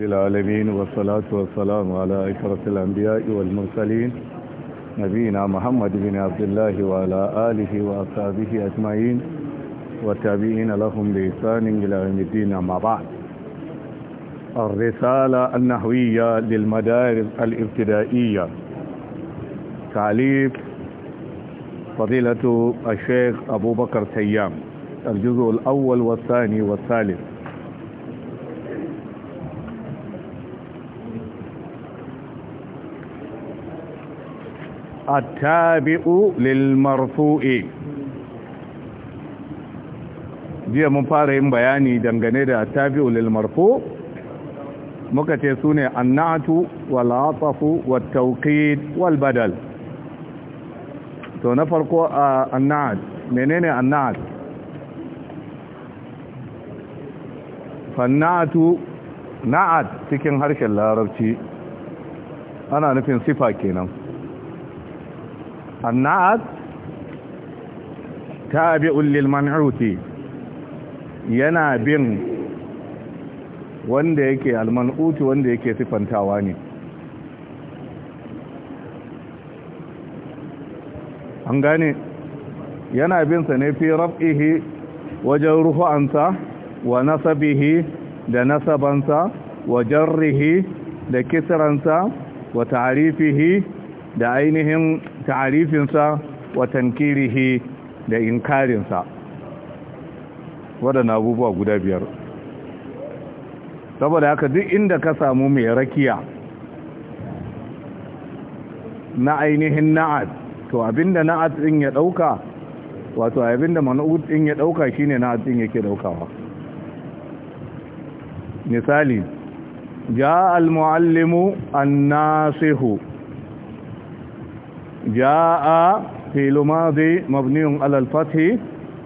العالمين والصلاة والسلام على أشرف الأنبياء والمرسلين نبينا محمد بن عبد الله وعلى آله وأصحابه أجمعين وتابعين لهم بإحسان إلى يوم الدين أما بعد الرسالة النحوية للمدارس الابتدائية تعليق فضيلة الشيخ أبو بكر سيام الجزء الأول والثاني والثالث attabi'u lil marfu'i jiya mun fara yin bayani dangane da attabi'u lil marfu muka ce sune annatu wal atafu wat tawqid wal badal to na farko annat menene annat fannatu na'at cikin harshen larabci ana nufin sifa kenan النعت تابع للمنعوت yana bin wanda yake almanuti wanda yake sifantawa ne an gane yana bin sa ne fi raf'ihi wajen ruhu'ansa wa nasabihi da nasabansa wa jarrihi da kisiransa wa ta'arifihi da ainihin ta'arifinsa wa tankirihi da inkarinsa waɗanda abubuwa guda biyar saboda haka duk inda ka samu mai rakiya na ainihin na'ad to abinda na'ad ɗin ya ɗauka wato abinda manu'ud ɗin ya ɗauka shine na'ad ɗin yake ɗaukawa misali ja al-muallimu an-nasihu جاء في الماضي مبني على الفتح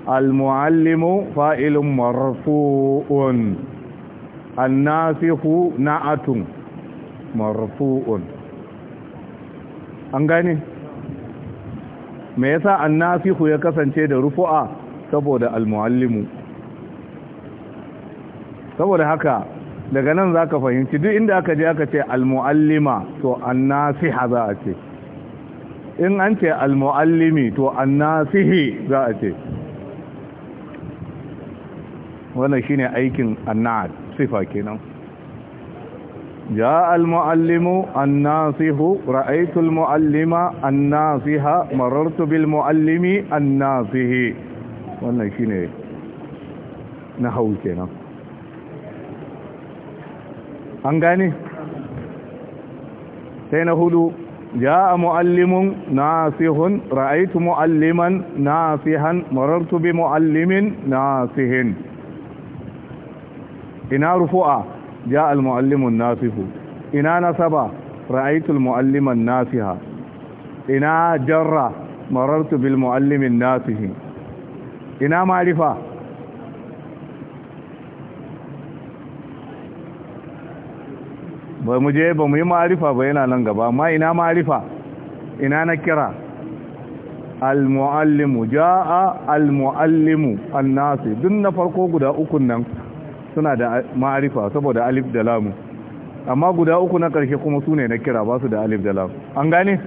المعلم فائل مرفوع الناسخ نعت مرفوع an gane me yasa annasihu ya kasance da rufu'a saboda almuallimu saboda haka daga nan za ka fahimci duk inda aka je aka ce almuallima to annasiha za a ce in an ce al-mu'allimi to annasihi za a ce wannan shine aikin annat sifa kenan ya al-mu'allimu annasihu ra'aytu al-mu'allima annasiha marartu bil-mu'allimi annasihi wannan shine na hau kenan an gani sai na hudu ja a mu'allimin nasihun ra'aitu mu'alliman nasihan marartu bi mu'allimin nasihin ina rufu'a ja al mu'allimin nasihu ina nasaba ra'aitu mu'alliman nasiha ina jarra marartu bil mu'allimin nasihin ina ma'rifa ba mu je ba mu yi ma'arifa ba yana nan gaba ma ina ma'arifa ina na kira almu'allimu ja'a almu'allimu an-nasi duk na farko guda uku nan suna da ma'arifa saboda alif da lamu amma guda uku na karshe kuma su ne na kira ba su da alif da lamu an gane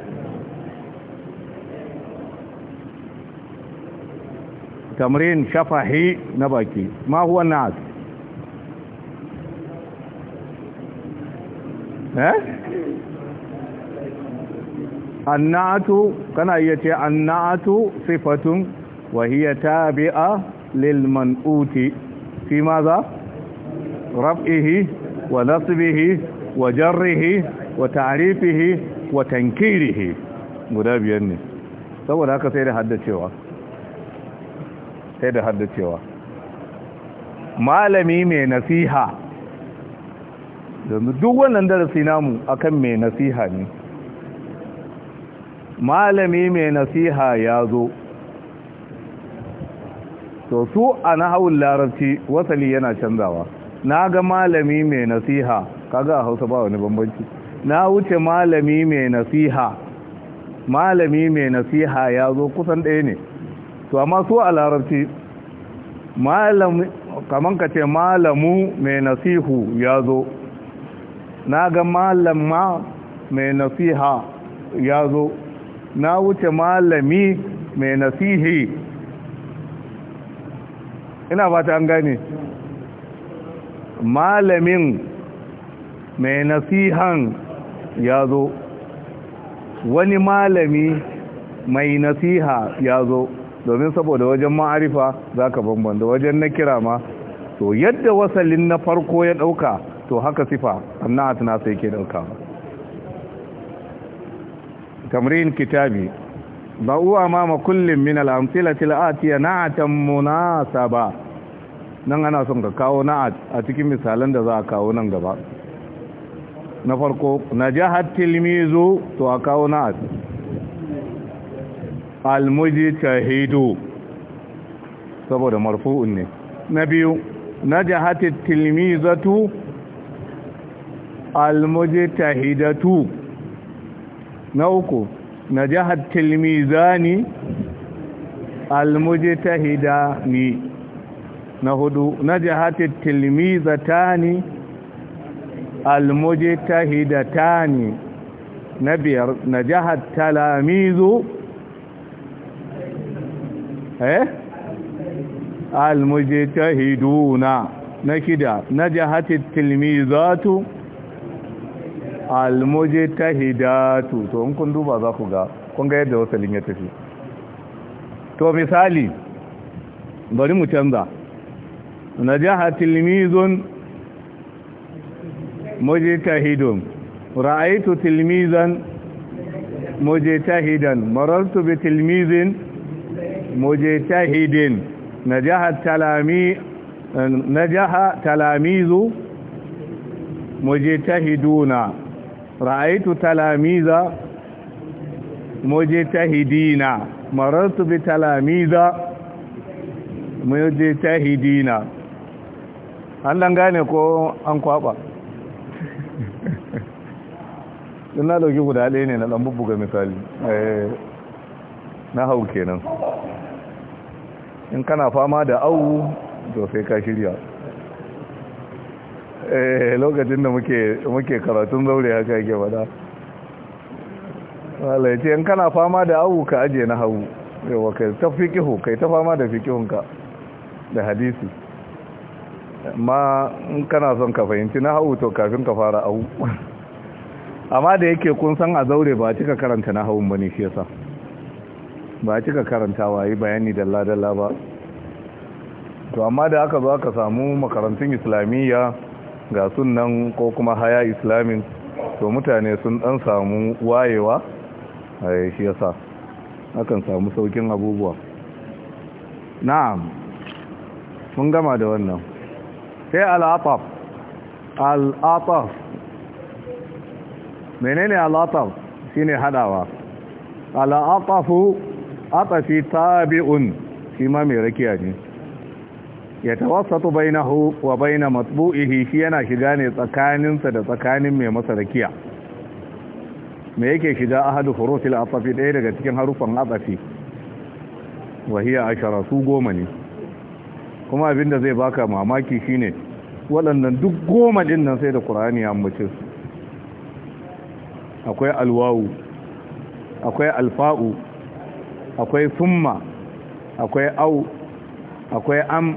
tamrin shafahi na baki ma huwa nas Eh? annatu kana iya ce annatu sifatun wa hiya tabi'a lil man'uti fi maza raf'ihi wa nasbihi wa jarrihi wa ta'rifihi wa tankirihi guda biyar ne saboda haka sai da haddacewa sai da haddacewa malami mai nasiha yanzu duk wannan darasi namu akan mai nasiha ne malami mai nasiha ya zo to su a nahawun larabci wasali yana canzawa na ga malami mai nasiha kaga a hausa ba wani bambanci na wuce malami mai nasiha malami mai nasiha ya zo kusan ɗaya ne to amma su a larabci kaman ka ce malamu mai nasihu ya zo na ga malama mai nasiha ya zo na wuce malami mai nasihi ina ta an gane malamin mai nasihan ya zo wani malami mai nasiha ya zo domin saboda wajen ma'arifa za ka da wajen na kira ma to yadda wasalin na farko ya ɗauka to haka sifa annat nasa yake dauka tamrin kitabi ba uwa mama kullum min al-amthilati na'atan munasaba nan ana son ka kawo na'at a cikin misalan da za a kawo nan gaba na farko najahat tilmizu to a kawo na'at ta saboda marfu'un ne na biyu najahat tilmizatu almujtahidatu na uku najahat tilmizani almujtahidani na hudu najahat tilmizatani almujtahidatani na biyar najahat talamizu eh almujtahiduna na kida najahat tilmizatu Almoje ta hidatu, to in kun duba za ku ga kun ga yadda wasalin ya tafi to misali bari mu canza na najaha tilmizun mujtahidun ra'aytu tilmizan mujtahidan marartu bi tilmizin moje ta hidin, na jiha talamizu moje ta hiduna. ra'aitu talamiza mujtahidina marartu bi talamiza mujtahidina an dan gane ko an kwaba din na dauki guda ɗaya ne na dan bubbuga misali eh, na hau kenan in kana fama da awu to sai ka shirya Eh, lokacin da muke karatun zaure haka yake fada ce yan kana fama da abu ka aje na hagu yawa kai ta fikihu kai ta fama da fikihunka da hadisi amma in kana son ka fahimci na hagu to kafin ka fara abu amma da yake kun san a zaure ba cika karanta na hagun ba ne shi yasa ba cika karantawa yi bayani dalla-dalla ba to amma da aka zo aka samu makarantun islamiyya ga sunan ko kuma haya islamin to mutane sun dan samu wayewa ai eh, shi yasa akan samu saukin abubuwa na'am mun gama da wannan sai al'ataf al'ataf menene al'ataf ataf shine hadawa al'atafu atafi tabi'un shi ma mai rakiya ne ya tawassatu bainahu wa baina matbu'ihi shi yana shiga ne tsakaninsa da tsakanin mai masa rakiya me yake shiga ahadu hurufil atafi ɗaya daga cikin harufan atafi wa hiya ashara su goma ne kuma abinda zai baka mamaki shine waɗannan duk goma din nan sai da qur'ani ya ambace su akwai alwawu akwai alfa'u akwai summa akwai au akwai am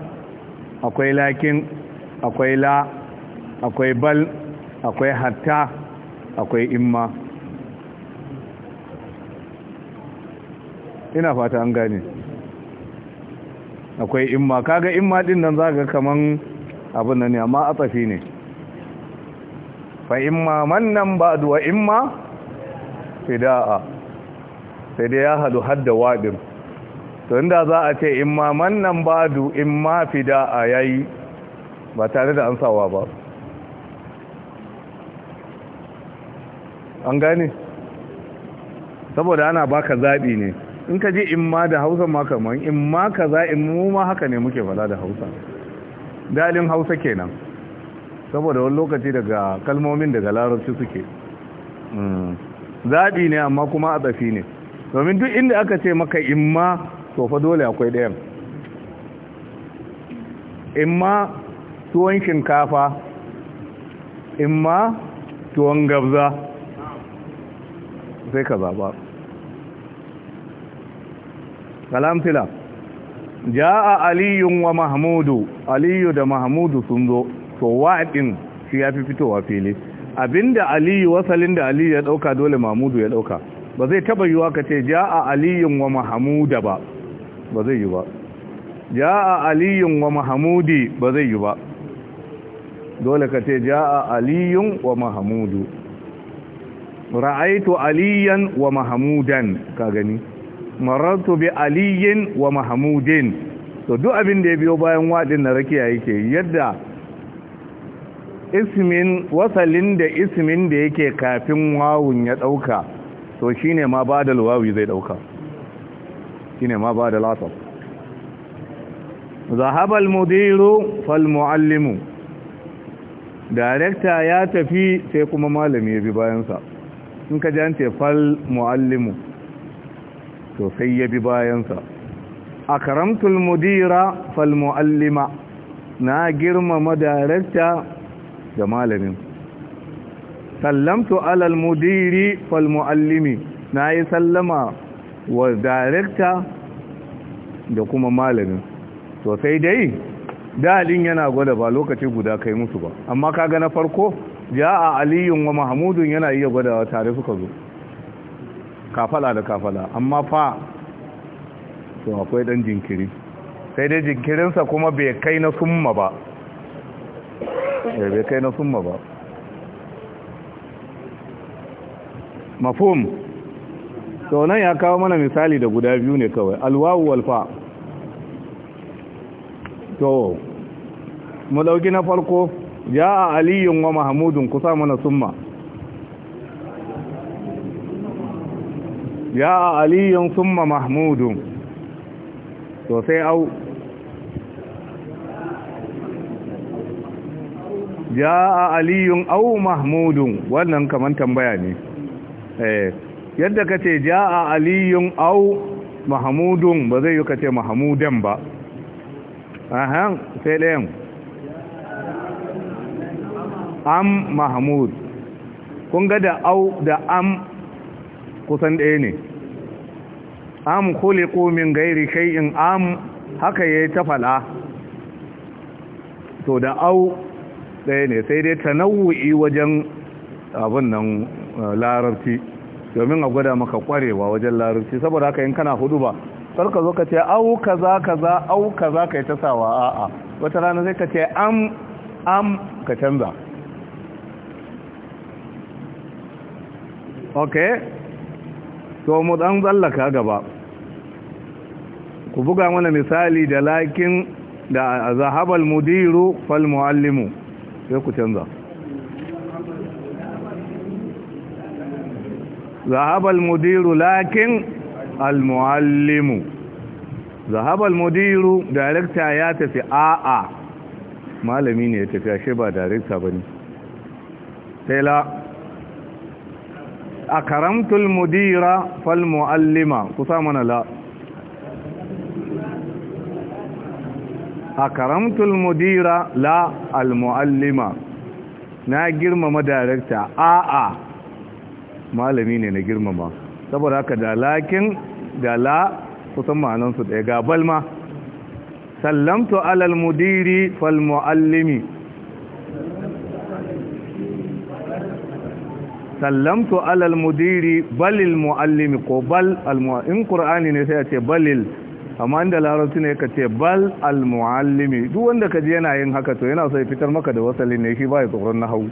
akwai lakin akwai la akwai bal akwai hatta akwai imma ina fata an gane akwai imma kaga imma din nan zaga kaman abin nan ne amma tsafi ne fa imma mannan ba'du wa imma fida'a sai dai ya hadu hadda wadin to inda za a ce in ma mannan badu in ma fida a yayi ba tare da ansawa ba an gane saboda ana baka zaɓi ne in ka ji in ma da hausa ma kamar in ma za in mu ma haka ne muke fada da hausa dalin hausa kenan saboda wani lokaci daga kalmomin daga larabci suke hmm. zaɓi ne amma kuma a tsafi ne domin duk inda aka ce maka in ma to fa dole akwai ɗayan in ma tuwon shinkafa in ma tuwon gabza sai ka zaba ja ja'a aliyun wa mahmudu aliyu da mahmudu sun zo to wa'adin shi ya fi fitowa fili abinda aliyu wasalin da aliyu ya dauka dole mahmudu ya dauka ba zai taba yiwa ka ce ja'a aliyun wa mahmuda ba ba zai yi ba Ja a aliyun wa mahamudi ba zai yi ba dole ka ce ja a aliyun wa mahamudu ra'aitu aliyan wa mahamudan ka gani marartu bi aliyin wa mahamudin to duk abin da ya biyo bayan wadin na rakiya yake yadda ismin wasalin da ismin da yake kafin wawun ya ɗauka, to shine ma badal wawi zai ɗauka. shine ma ba da lasar zahabal mudiru fal muallimu darekta ya tafi sai kuma malami ya bi bayansa in ka jance fal muallimu to sai ya bi bayansa akramtul mudira fal muallima na girmama darekta da malamin sallamtu alal mudiri fal muallimi na yi sallama wa director da kuma malamin to sai dai dalin yana gwada ba lokaci guda kai musu ba amma kaga na farko a aliyun wa mahmudun yana iya gwadawa tare suka zo kafala da kafala amma fa to akwai dan jinkiri sai dai jinkirinsa kuma bai kai na summa ba eh, bai kai na summa ba mafhum to nan ya kawo mana misali da guda biyu ne kawai alwawu walfa to mu dauki na farko ya a aliyun wa mahamudun kusa mana summa ya a aliyun summa mahamudun to sai au ya a aliyun au mahamudun wannan kaman tambaya ne eh yadda ka ce ja a aliyun au mahamudun ba zai yi ka ce mahamudan ba ahan sai ɗayan am mahamud kun ga da au da am kusan ɗaya ne am kuli min ghairi in am haka ya ta tafala to da au ɗaya ne sai dai ta nau'i wajen abin nan eh, larabci domin a gwada maka kwarewa wajen larabci saboda haka in kana hudu ba kar ka zo ka ce au kaza kaza au kaza kai ta sawa a'a wata rana sai ka ce am am ka canza okay to mu dan gaba ku buga mana misali da lakin da zahabal mudiru fal muallimu sai ku canza ذهب المدير لكن المعلم ذهب المدير دايركتا يا تفي آآ malami ne ya tafi ashe ba darekta ba ne tela a karamtul mudira fal mu'allima kusa mana la a karamtul mudira la al mu'allima na girmama darekta a'a malami ne na girmama saboda haka da lakin da la kusan ma'anansu ɗaya ga balma sallamtu alal mudiri fal muallimi sallamtu alal mudiri balil muallimi ko bal al in qur'ani ne sai a ce balil amma inda larabci ne ka ce bal al muallimi duk wanda ka kaji yana yin haka to yana so ya fitar maka da wasalin ne shi ba ya tsoron na hau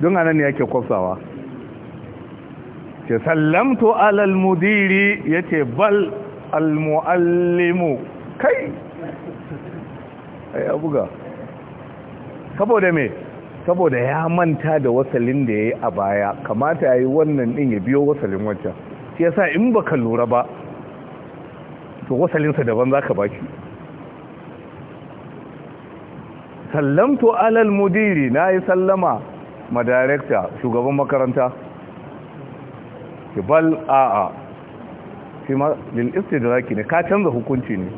don anan ne yake kwafsawa ce sallamtu alal mudiri ya ce bal almu'allimu kai ya buga saboda me saboda ya manta da wasalin da ya yi a baya kamata ya yi wannan din ya biyo wasalin wancan shi sa in baka lura ba to wasalinsa daban za ka baki sallamtu alal mudiri na yi sallama ma darekta shugaban makaranta ki bal a'a fi ma lil istidraki ne ka canza hukunci ne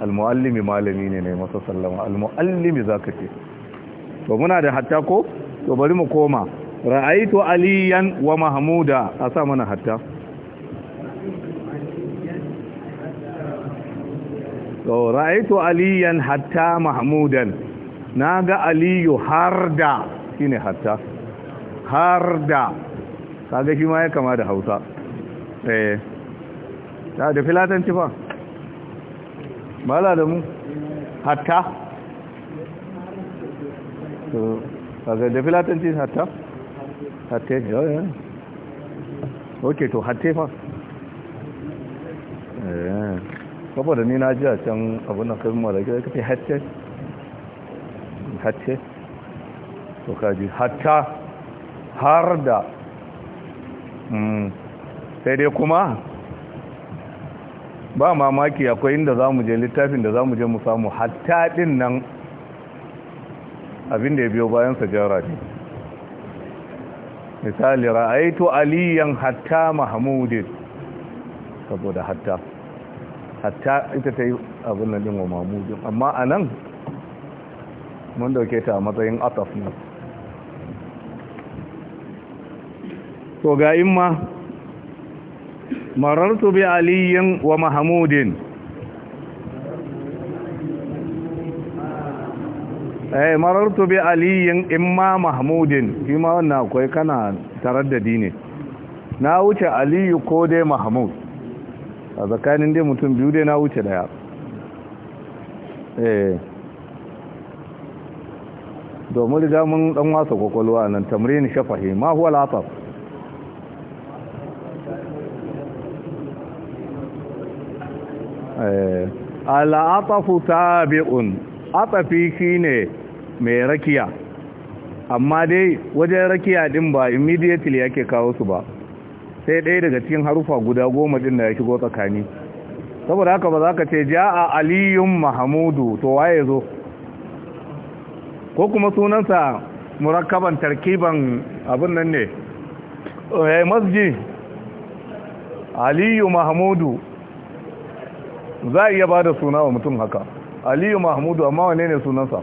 Al al-muallimi malami ne ne masa sallama almuallimi zaka ce to muna da hatta ko to bari mu koma ra'aitu aliyan wa mahmuda a sa mana hatta to ra'aitu aliyan hatta mahmudan naga aliyu harda shine hatta harda kaga shi ma ya kama da hausa eh da da filatanci fa mala da mu hatta to kaga da filatanci hatta hatta yo ok to hatta fa eh da ni na ji a can abin da kalmar da kai kace hatta hatta to kaji hatta har da Mm. sai dai kuma ba mamaki akwai inda za mu je littafin da za mu je mu samu hatta din nan da ya biyo bayan sajara ne misali ra'aitu aliyan hatta mahmudin saboda hatta hatta ita ta yi abin nan ɗin wa Mahmudin? amma a nan mun dauke ta a matsayin ataf to ga imma marartu bi aliyin wa mahamudin eh marartu bi aliyin imma mahmudin kima wannan akwai kana taraddadi ne na wuce aliyu ko dai mahmud a tsakanin dai mutum biyu dai na wuce daya eh domin riga mun dan wasa kwakwalwa nan tamrin shafahi ma huwa latar Eh, al'atafu bi’un atafi ne mai rakiya amma dai wajen rakiya din ba immediately yake kawo su ba sai ɗaya daga cikin harufa guda goma din da ya shigo tsakani saboda haka ba za ka ce ja a aliyun mahamudu to waye zo ko kuma sunansa murakaban tarkiban abin nan ne eh, masjid aliyu mahamudu za a iya ba da suna wa mutum haka aliyu mahmudu amma wane ne sunansa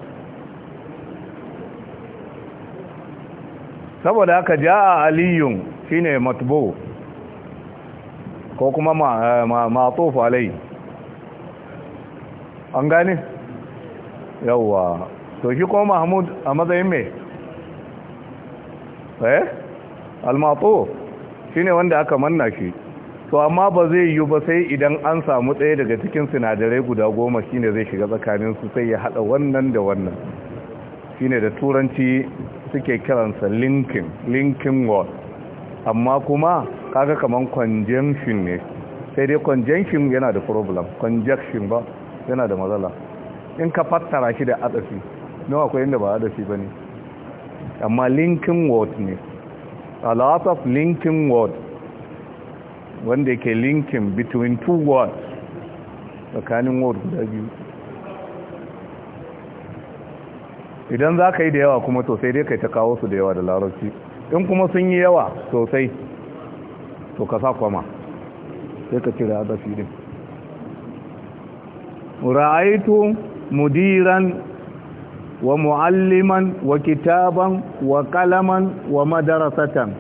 saboda haka a aliyun shine matubo ko kuma ma'atuf eh, alai an gane yawwa to shi ko mahmud a matsayin mai eh al-ma'atuf shine wanda aka manna shi to amma ba zai yi ba sai idan an samu ɗaya daga cikin sinadarai guda goma shine zai shiga su sai ya haɗa wannan da wannan shine da turanci suke kiransa linkin linkin wall amma kuma kaga kaman conjunction ne sai dai conjunction yana da problem conjunction ba yana da matsala in ka fattara shi da adafi no akwai inda ba adafi ba ne amma linkin wall ne a lot of linkin wall wanda yake linkin between two words tsakanin word guda biyu idan za ka yi da yawa kuma sosai dai kai ta kawo su da yawa da larabci in kuma sun yi yawa sosai to ka sa kwama sai ka cire adafi din ra'aitu mudiran wa mu'alliman wa kitaban wa kalaman wa madarasatan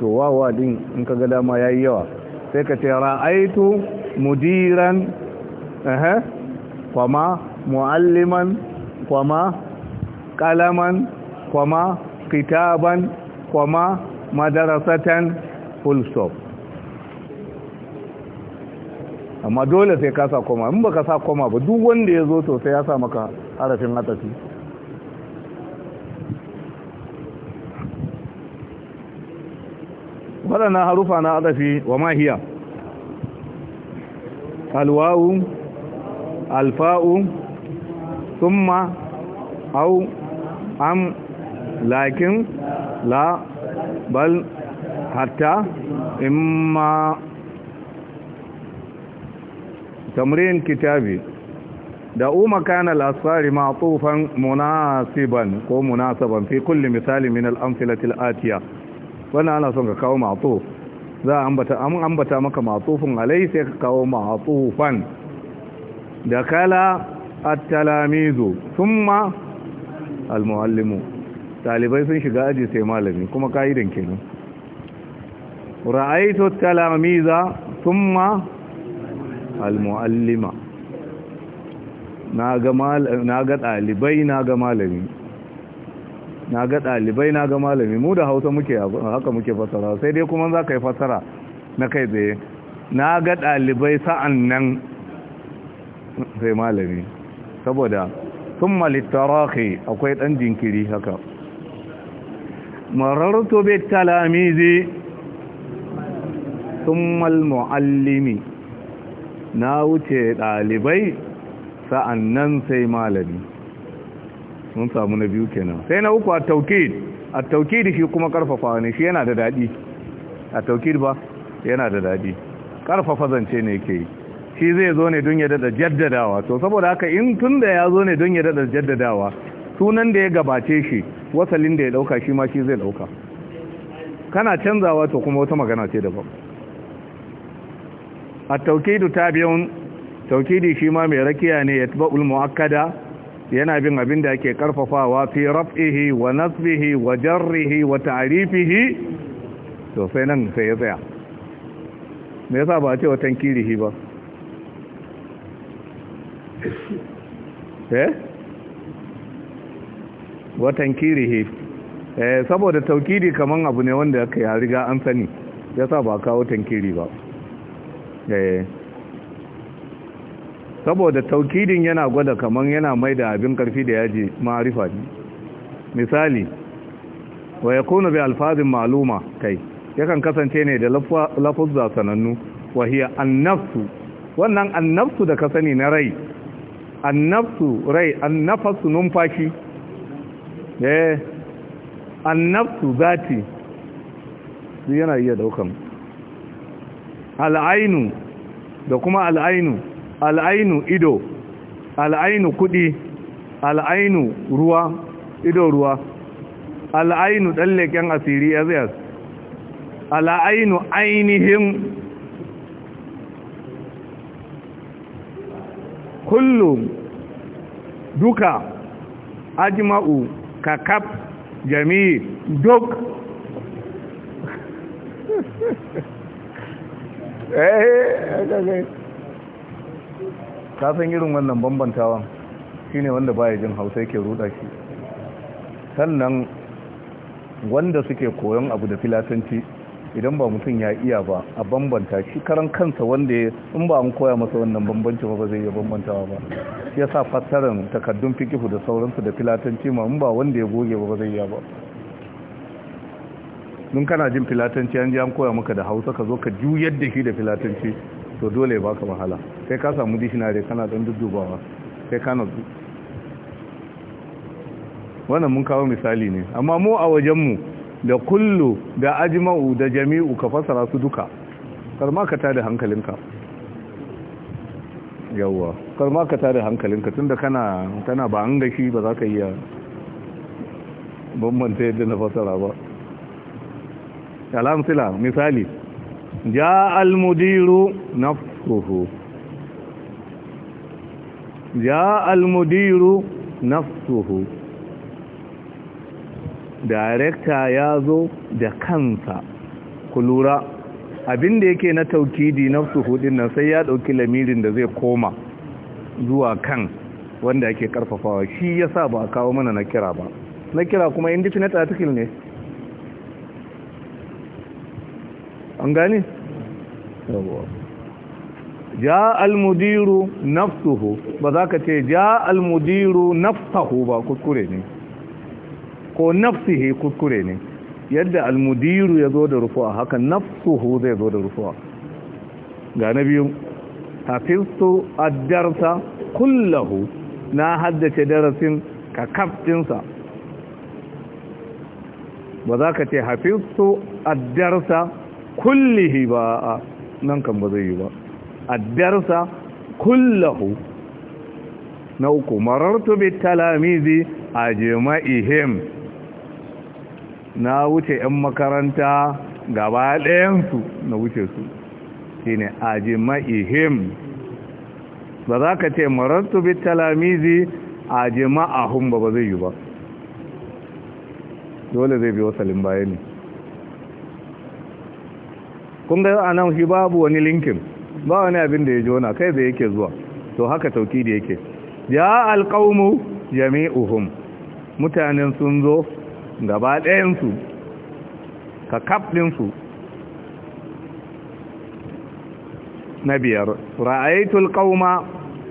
to wawa din in ka ga dama yayi yawa sai ka ce ra'aitu mudiran eh kwama mualliman kwama kalaman kwama kitaban kwama madarasatan full stop amma dole sai ka sa koma in ka sa koma ba duk wanda ya zo to sai ya sa maka harafin hatafi waɗannan harufa na adafi wa mahiya alwawu alfa'u summa au am lakin la bal hatta imma tamrin kitabi da umakana kana al-asfari ma'tufan munasiban ko munasaban fi kulli misali min al-amthilati wannan ana son ka kawo matsu za a ambata an ambata maka matsufin alai sai ka kawo matufan da kala at-talamizu thumma al-muallimu talibai sun shiga aji sai malami kuma kaidan kenan ra'aytu at-talamiza thumma al-muallima na ga ɗalibai na ga malami na ga ɗalibai na ga malami mu da hausa muke haka muke fasara sai dai kuma za ka yi fasara na kai tsaye na ga ɗalibai sa'an nan sai malami saboda sun malittaraki akwai ɗan jinkiri haka mararto bai talamizi sun malmu'allimi na wuce ɗalibai sa'an nan sai malami mun samu na biyu kenan sai na uku a taukid a taukid shi kuma karfafa ne shi yana da dadi a taukid ba yana da dadi karfafa zance ne yake yi shi zai zo ne don ya dada jaddadawa to saboda haka in tun da ya zo ne don ya dada jaddadawa sunan da ya gabace shi wasalin da ya dauka shi ma shi zai dauka kana canzawa to kuma wata magana ce daban a taukidu ta biyun taukidi shi ma mai rakiya ne ya taba ulmu'akkada yana bin abin da yake karfafawa fi raf'ihi wa nasbihi wa jarrihi wa ta'rifihi to sai nan sai ya tsaya me yasa ba a ce wa tankirihi ba eh wa tankirihi eh saboda taukidi kaman abu ne wanda aka ya riga an sani yasa ba kawo tankiri ba eh saboda taukidin yana gwada kamar yana mai da abin karfi da yaji ma'arifa ne misali wa ya kuna bi alfazin maluma kai yakan kasance ne da da sanannu wa hiya annafsu wannan annafsu da kasani na rai annafsu rai annafasu numfashi eh annafsu zati yana iya daukan al'ainu da kuma al'ainu al'ainu ido al'ainu kudi al'ainu ruwa ido ruwa al'ainu ɗan leƙen asiri al'ainu ainihin kullum duka ajma'u kakaf jami'i duk eh, eh, eh, eh ka san irin wannan bambantawan shine wanda baya jin hausa yake ruda shi sannan wanda suke koyon abu da filatanci idan ba mutum ya iya ba a bambanta shi karan kansa wanda ya in ba an koya masa wannan bambanci ba zai iya bambantawa ba ya sa fassarar takaddun fikihu da sauransu da filatanci ma in ba wanda ya goge ba zai iya ba nun kana jin filatanci an ji an koya maka da hausa ka zo ka juyar da shi da filatanci to dole ba ka wahala sai ka samu dictionary kana dan dudubawa sai ka nazu wannan mun kawo misali ne amma mu a wajenmu da kullu da ajima'u da jami'u ka fasara su duka karma ka tada hankalinka yawwa karma ka tada hankalinka tunda kana kana ba an gashi ba za ka iya bambanta yadda na fasara ba alamtila misali جاء المدير نفسه جاء المدير نفسه director ya zo da kansa ku lura abinda yake na taukidi nafsuhu din nan sai ya dauki lamirin da zai koma zuwa kan wanda ake karfafawa shi yasa ba a kawo mana na kira ba na kira kuma indefinite article ne an gane ja almudiru naftuhu ba za ka ce ja almudiru naftahu ba kuskure ne ko nafsihi kuskure ne yadda almudiru ya zo da rufuwa haka naftuhu zai zo da rufuwa ga na biyu hafistu addarsa kullahu na haddace darasin ka kaftinsa ba za ka ce hafistu addarsa kullihi ba a nan kan ba zai yi ba addarsa kullahu na uku marartu bi talamizi a jima'ihim na wuce 'yan makaranta gaba ɗayansu na wuce su shi ne a jima'ihim ba za ka ce marartu bi talamizi a jima'ahun ba ba zai yi ba dole zai biyo salin ne. kun ga a nan shi babu wani linkin ba wani abin da ya jona kai da yake zuwa to haka tauki da yake ya alƙaumu jami'uhum mutanen sun zo gaba ɗayensu ka kaɗinsu na biyar ra'aitul ƙauma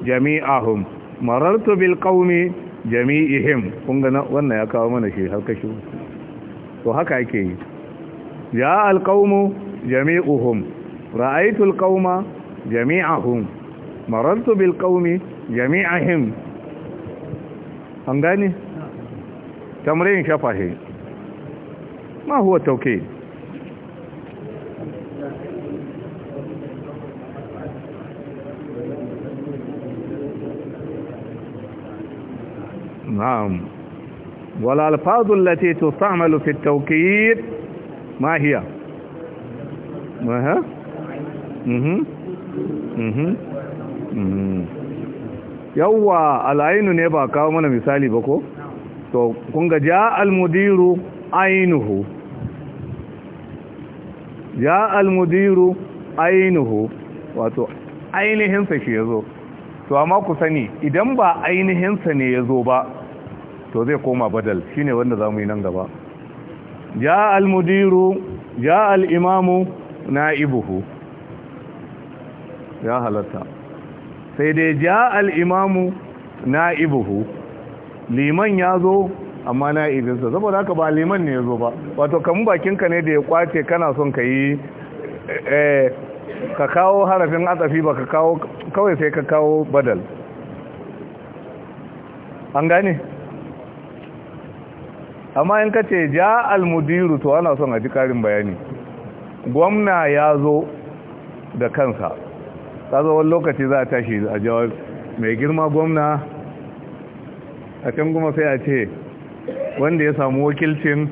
jami'ahum marartu bil ƙaumi jami'ihim kun ga wannan ya kawo mana shi harkashi to haka ake yi ya alqaumu جميعهم رأيت القوم جميعهم مررت بالقوم جميعهم فهمتني تمرين شفهي ما هو التوكيد نعم والألفاظ التي تستعمل في التوكيد ما هي؟ aha mhm. mhm mhm yawwa al'ainu ne ba kawo mana misali ba ko to kun ga ja al-mudiru ainuhu ja al-mudiru ainuhu wato ainihinsa shi ya zo to amma ku sani idan ba ainihinsa ne ya zo ba to zai koma badal shine wanda za mu yi nan gaba ja al ja al-imamu na'ibuhu ya halatta sai dai ja al'imamu na'ibuhu liman ya zo amma na'ibinsa saboda haka ba liman ne ya zo ba wato kamun bakinka ne da ya kwace kana son ka yi eh, ka kawo harafin atsafi ba ka kawo kawai sai ka kawo badal an gane amma in ka ce ja mudiru to ana son a ji karin bayani gwamna ya zo da kansa tsazawar lokaci za a tashi a jawar mai girma gwamna a can kuma sai a ce wanda ya samu wakilcin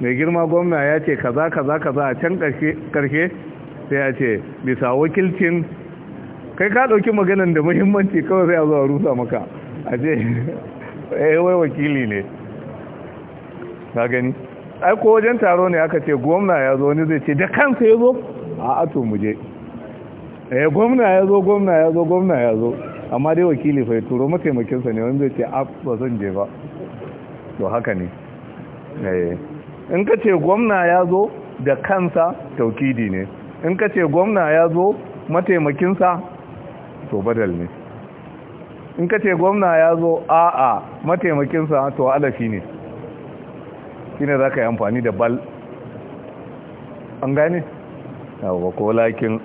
mai girma gwamna ya ce kaza kaza kaza a can karshe sai a ce bisa wakilcin kai ka ɗauki maganan da muhimmanci kawai sai a zuwa rusa maka a ce eh, wai wakili ne ta gani ai ko wajen taro ne aka ce gwamna ya zo wani zai ce da kansa ya zo a ato mu je eh gwamna ya zo gwamna ya zo gwamna ya zo amma dai wakili fa ya turo mataimakinsa ne wani zai ce a ba zan je ba to haka ne eh, in ka ce gwamna ya zo da kansa taukidi ne in ka ce gwamna ya zo mataimakinsa to badal ne in ka ce gwamna ya zo a'a mataimakinsa to alafi ne shine za ka yi amfani da bal an gane yawon ko lakin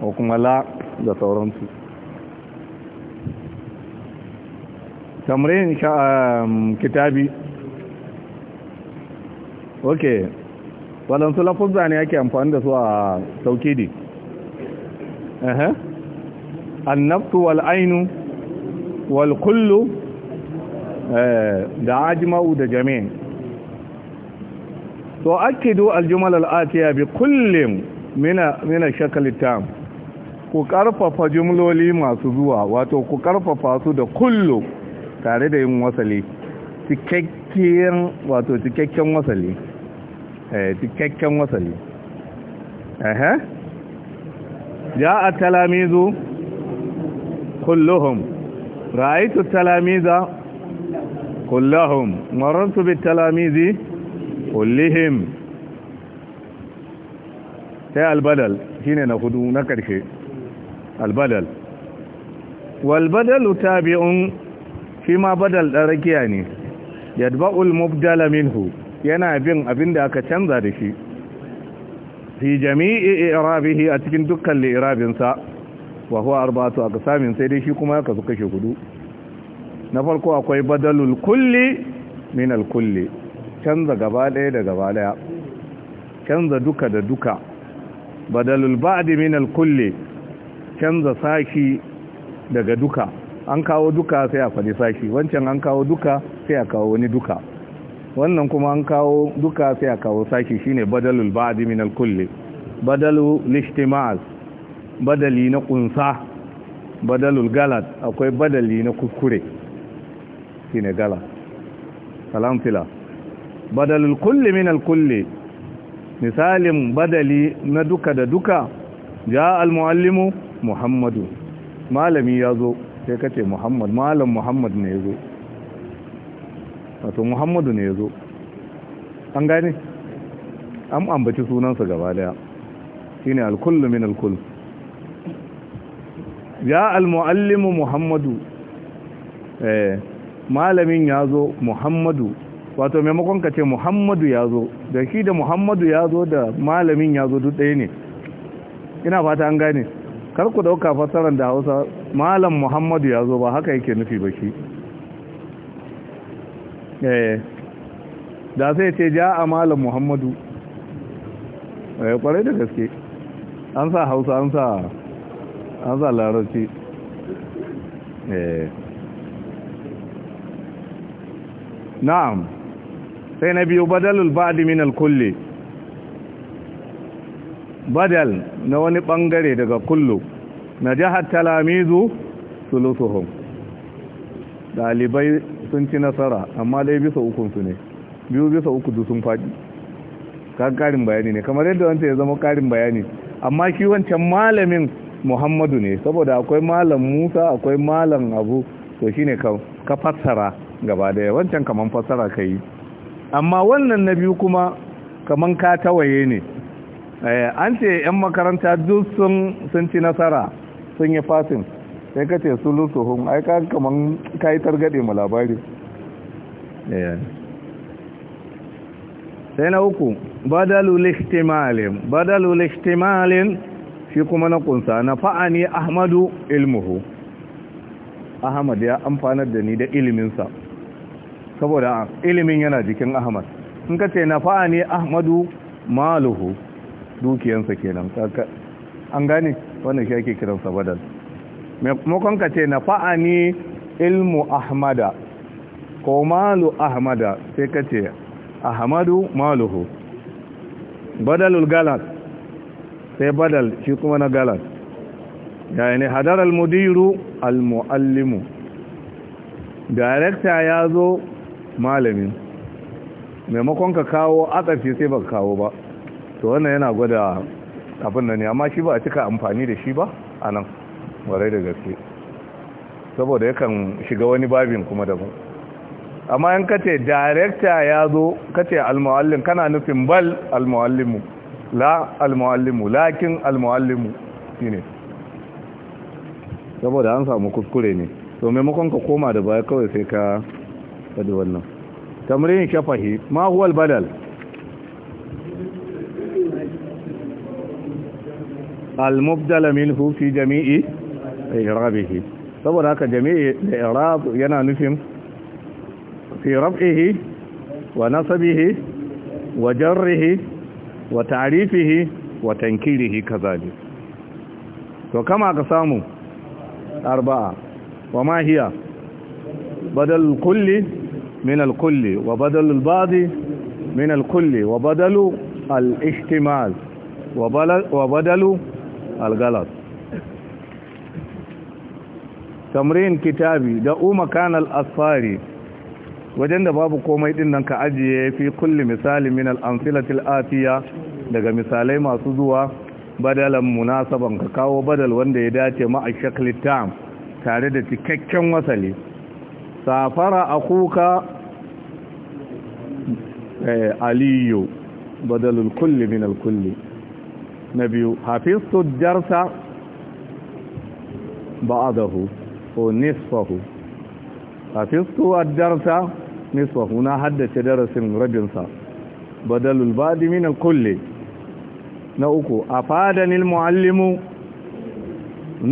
ko kuma la da sauransu tamrin um, kitabi ok waɗansu lafuzza ne ake amfani da su a saukidi annabtu wal'ainu walkullu eh, da ajima'u da jami'in to akidu aljumal al'atiya bi kullum mina mina shakal tam ku karfafa jumloli masu zuwa wato ku karfafa su da kullu tare da yin wasali cikakken wato cikakken wasali eh cikakken wasali eh eh at-talamizu kulluhum ra'aytu talamiza kulluhum marantu bit-talamizi kullihim sai albadal shine na hudu na karshe albadal walbadalu tabi'un shi ma badal ɗan rakiya ne yadba'ul mubdala minhu yana bin abin da aka canza da shi fi jami'i irabihi a cikin dukkan li'irabinsa wa huwa arba'atu aqsamin sai dai shi kuma yaka su kashe hudu na farko akwai badalul kulli min al kulli canza gaba ɗaya da gaba ɗaya canza duka da duka badalul ba'di min al-kulli canza sashi daga duka an kawo duka sai a faɗi sashi wancan an kawo duka sai a kawo wani duka wannan kuma an kawo duka sai a kawo sashi shine badalul ba'di min al-kulli badalu lishtimaz badali na kunsa badalul galat akwai badali na kukure, shine galat salam fila badalul kulli min al-kulli misalin badali na duka da duka ya al-muallimu muhammadu malami ya zo sai kace muhammad malam muhammad ne ya zo wato muhammadu ne ya zo an gane an ambaci sunansa gaba daya shine al-kullu min al-kull ja al-muallimu muhammadu eh malamin ya zo muhammadu wato maimakon ka ce muhammadu ya zo da shi da muhammadu ya zo da malamin ya zo duk ɗaya ne ina fata an gane kar ku ɗauka fassarar da hausa malam muhammadu ya zo ba haka yake nufi ba shi eh, da sai ce ja a malam muhammadu ya eh, kwarai da gaske an sa hausa an sa an sa larabci eh. na'am sai na biyu badalul ba'di min al badal na wani bangare daga kullu na jihar talamizu sulusuhum dalibai sun ci nasara amma dai bisa ukunsu ne biyu bisa uku du sun faɗi kan karin bayani ne kamar yadda wancan ya zama karin bayani amma ki wancan malamin muhammadu ne saboda akwai malam musa akwai malam abu to shine ka fassara gaba daya wancan kaman fassara ka yi amma wannan na biyu kuma kamar ka tawaye ne eh, an ce 'yan makaranta duk sun ci nasara sun yi fasin sai ka ce su lusuhun ai kaman ka yi targaɗe mu labari eh. sai na uku badalu lihtimalin badalu lihtimalin shi kuma na kunsa na fa'ani ahmadu ilmuhu ahmad ya amfanar da ni da iliminsa saboda ilimin yana jikin ahmad in ka ce na fa'a ne ahmadu maluhu dukiyansa kenan an gane wannan shi ake kiransa badal maimakon ka ce na fa'a ne ilmu ahmada ko malu ahmada sai ka ce ahmadu maluhu badalul galas sai badal shi kuma na galas ya yi ne hadar almudiru almuallimu darekta ya zo malamin maimakon ka kawo atsafi sai ba kawo ba to wannan yana gwada abin da ne amma shi ba a cika amfani da shi ba a nan warai da gaske saboda yakan shiga wani babin kuma daban amma yan kace director ya zo kace almuallim kana nufin bal almuallimu la almuallimu lakin almuallimu shine saboda an samu kuskure ne to maimakon ka koma da baya kawai sai ka kada wannan tamrin shafahi ma huwa al-badal al hufi minhu fi i'rabihi saboda haka jami'i i'rab yana nufin fi raf'ihi wa nasabihi wa jarrihi wa ta'rifihi wa tankirihi kazalik to kama ka samu arba'a wa ma badal kulli من الكل وبدل البعض من الكل وبدل الاحتمال وبدل الغلط tamrin kitabi da umma kanal asfari wajen da babu komai ɗinnan nan ka ajiye fi kulle misali min al-amsilatil atiya daga misalai masu zuwa badalan munasaban ka kawo badal wanda ya dace ma a shakli tare da cikakken wasali safara kuka. Eh, aliyu badalul kulli min al-kulli na biyu hafiztu darsa ba'dahu ko nisfahu hafiztu ad-darsa nisfahu na haddace darasin rabinsa badalul badi min al-kulli na uku afadani al-muallimu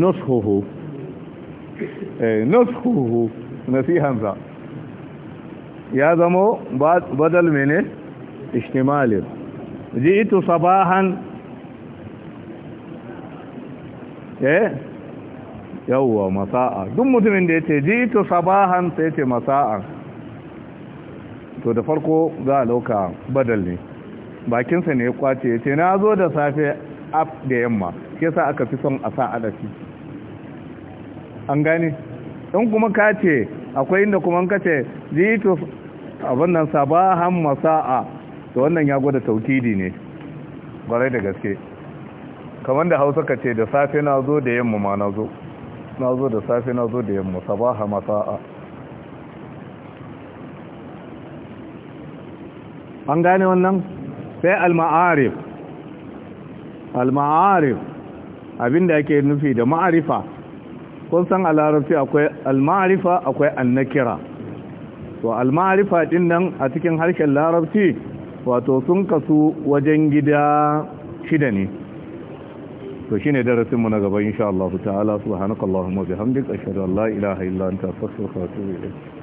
nusuhu eh, nushuhu nasihansa ya zamo badal mene ishtimalin ji'itu sabahan eh yawwa masa'a duk mutumin da ya ce yace ji'itu sabahan sai ce masa'a to da farko za a lauka badal ne bakinsa ne ya kwace ce na zo da safe af da yamma yasa aka fi son a sa adafi an gane in kuma ka ce akwai inda kuma ka ce ji'itu abin nan sabahan masa'a to wannan ya gwada taukidi ne gwarai da gaske kamar da hausa ka ce da safe na zo da yamma ma na zo na zo da safe na zo da yamma sabaha masa'a an gane wannan sai alma'arif alma'arif abin da abinda ake nufi da ma'arifa kun san a larabci akwai alma'arifa akwai annakira. to al-ma'rifa din nan a cikin harshen larabci wato sun kasu wajen gida shida ne to shine darasin mu na gaba insha Allah ta'ala subhanakallahumma bihamdika ashhadu an la ilaha illa anta astaghfiruka wa atubu ilayk